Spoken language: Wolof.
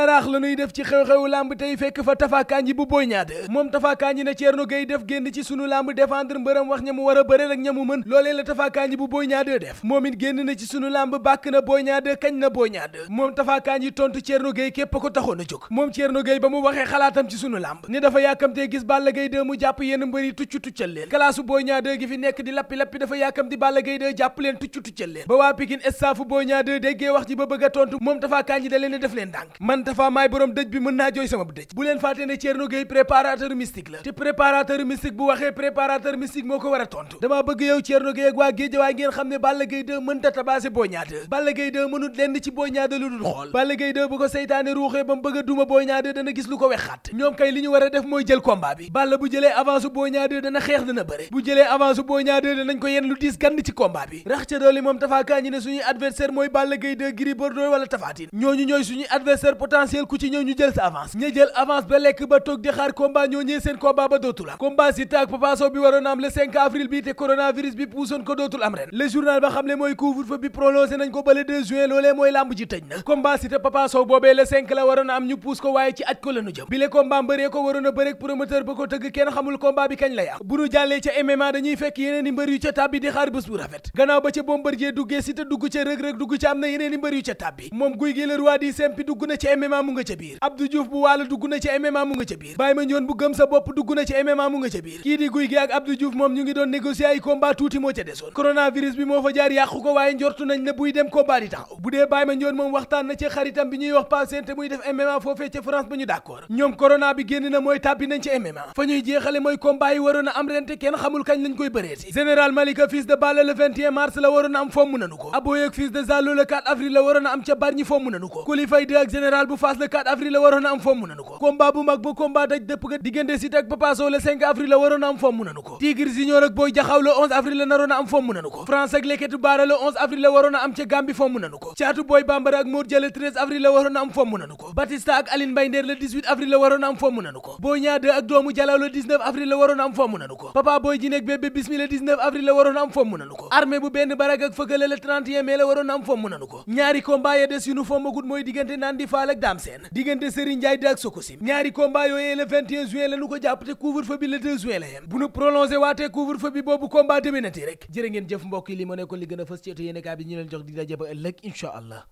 saraax la nuy def ci xew-xewu lamb tey fekk fa kànji bu Boy Niang 2 moom tafaakanji na Thierno Gueye def génn ci sunu lamb défendre mbërëm wax ña mu war a bëreel ak ña mu mën loolee la tafaakanji bu Boy Niang 2 def moom it génn na ci sunu lamb bàkk na Boy Niang kañ na Boy Niang 2 moom tafaakanji tontu Thierno Gueye képp ko taxoon a jóg moom Thierno Gueye ba mu waxee xalaatam ci sunu lamb ni dafa yàkkamtee gis Balla Gaye 2 mu jàpp yenn mbër yi tucc tuccal leen kalaasu Boy Niang 2 gi fi nekk di lappi-lappi dafa yàkkamti Balla Gaye 2 jàpp leen tucc tuccal leen ba waa Pikine staffu Boy Niang ba bëgg a tontu moom tafaakanji da leen def leen dànk Tafa maay borom dëj bi mën naa jooy sama dëj bu leen fàtte ne Thierno la te préparateur mystique bu waxee préparateur mystique moo ko war tontu damaa bëgg yow Thierno Gueye ak waa Guédiawaye ngeen xam ne Balla Gaye 2 lenn ci Boy lu dul xool Balla Gaye bu ko seytaane ruuxee ba mu bëgg duma Boy dana gis lu ko wexaat ñoom kay li ñu war def mooy jël combat bi Balla bu jëlee avance bu dana xeex dana bëre bu jëlee avance bu l'essentiel ku tëj na combat Siteu Papa Sow boobee le 5 la waroon am ñu puus ko waaye ci aj ko lañu jëm bi le combat waroon a bëreek promoteur ba ko tëgg kenn xamul combat bi kañ lay am bu ñu jàllee ca MMA dañuy fekk yeneen i ca tàbbi di xaar bés bu rafet gannaaw ba ca Bombardier duggee Siteu dugg ca Reug Reug dugg ca am na yeneen i ca tàbbi moom guy gi roi di sempi dugg na ca MMA MMA mu nga ca biir Abdou Diouf bu waalo dugg na ci MMA mu nga ca biir Baye Mandione bu gëm sa bopp dugg na ci MMA mu nga ca biir kii di guy gi ak Abdou Diouf moom ñu ngi doon négocier ay tuuti moo ca desoon coronavirus bi moo fa jaar yàqu ko waaye njortu nañ ne buy dem combat di taxaw bu dee Baye Mandione moom waxtaan na ci xaritam bi ñuy wax Pape muy def MMA foofee ca France ba ñu d'accord ñoom corona bi génn na mooy tàbbi nañ ci MMA fa ñuy jeexale Fass le 4 avril la waroon a am fomm nanu ko combat bu mag ba combat daj dëpp ga diggante Siteu ak Papa Sow le 5 avril la waroon a am fomm nanu ko Tigre Junior ak Boy Jaxaw le 11 avril la naroon am fomm nanu ko ko Caatu Boy Bambara ak Mor Dia le 13 avril la waroon a am fomm nanu ko Batista ak Aline Mbaye Nder le 18 avril la waroon am fomm nanu ko ko Papa Boy Djiné ak Bébé Bismi le avril la waroon a am fomm nanu ko Armée bu benn daam diggante Serigne Ndiaye di ak Sococim ñaari combat yooyee le 21 juin la nu ko jàpp te couvre-feu bi le 2 juin la bu nu prolongé waatee couvre-feu bi boobu combat déwénati rek jërë ngeen jëf mbokk yi li ma li gën a fës ci ëttu bi ñu leen jox di daje ba ëllëg incha allah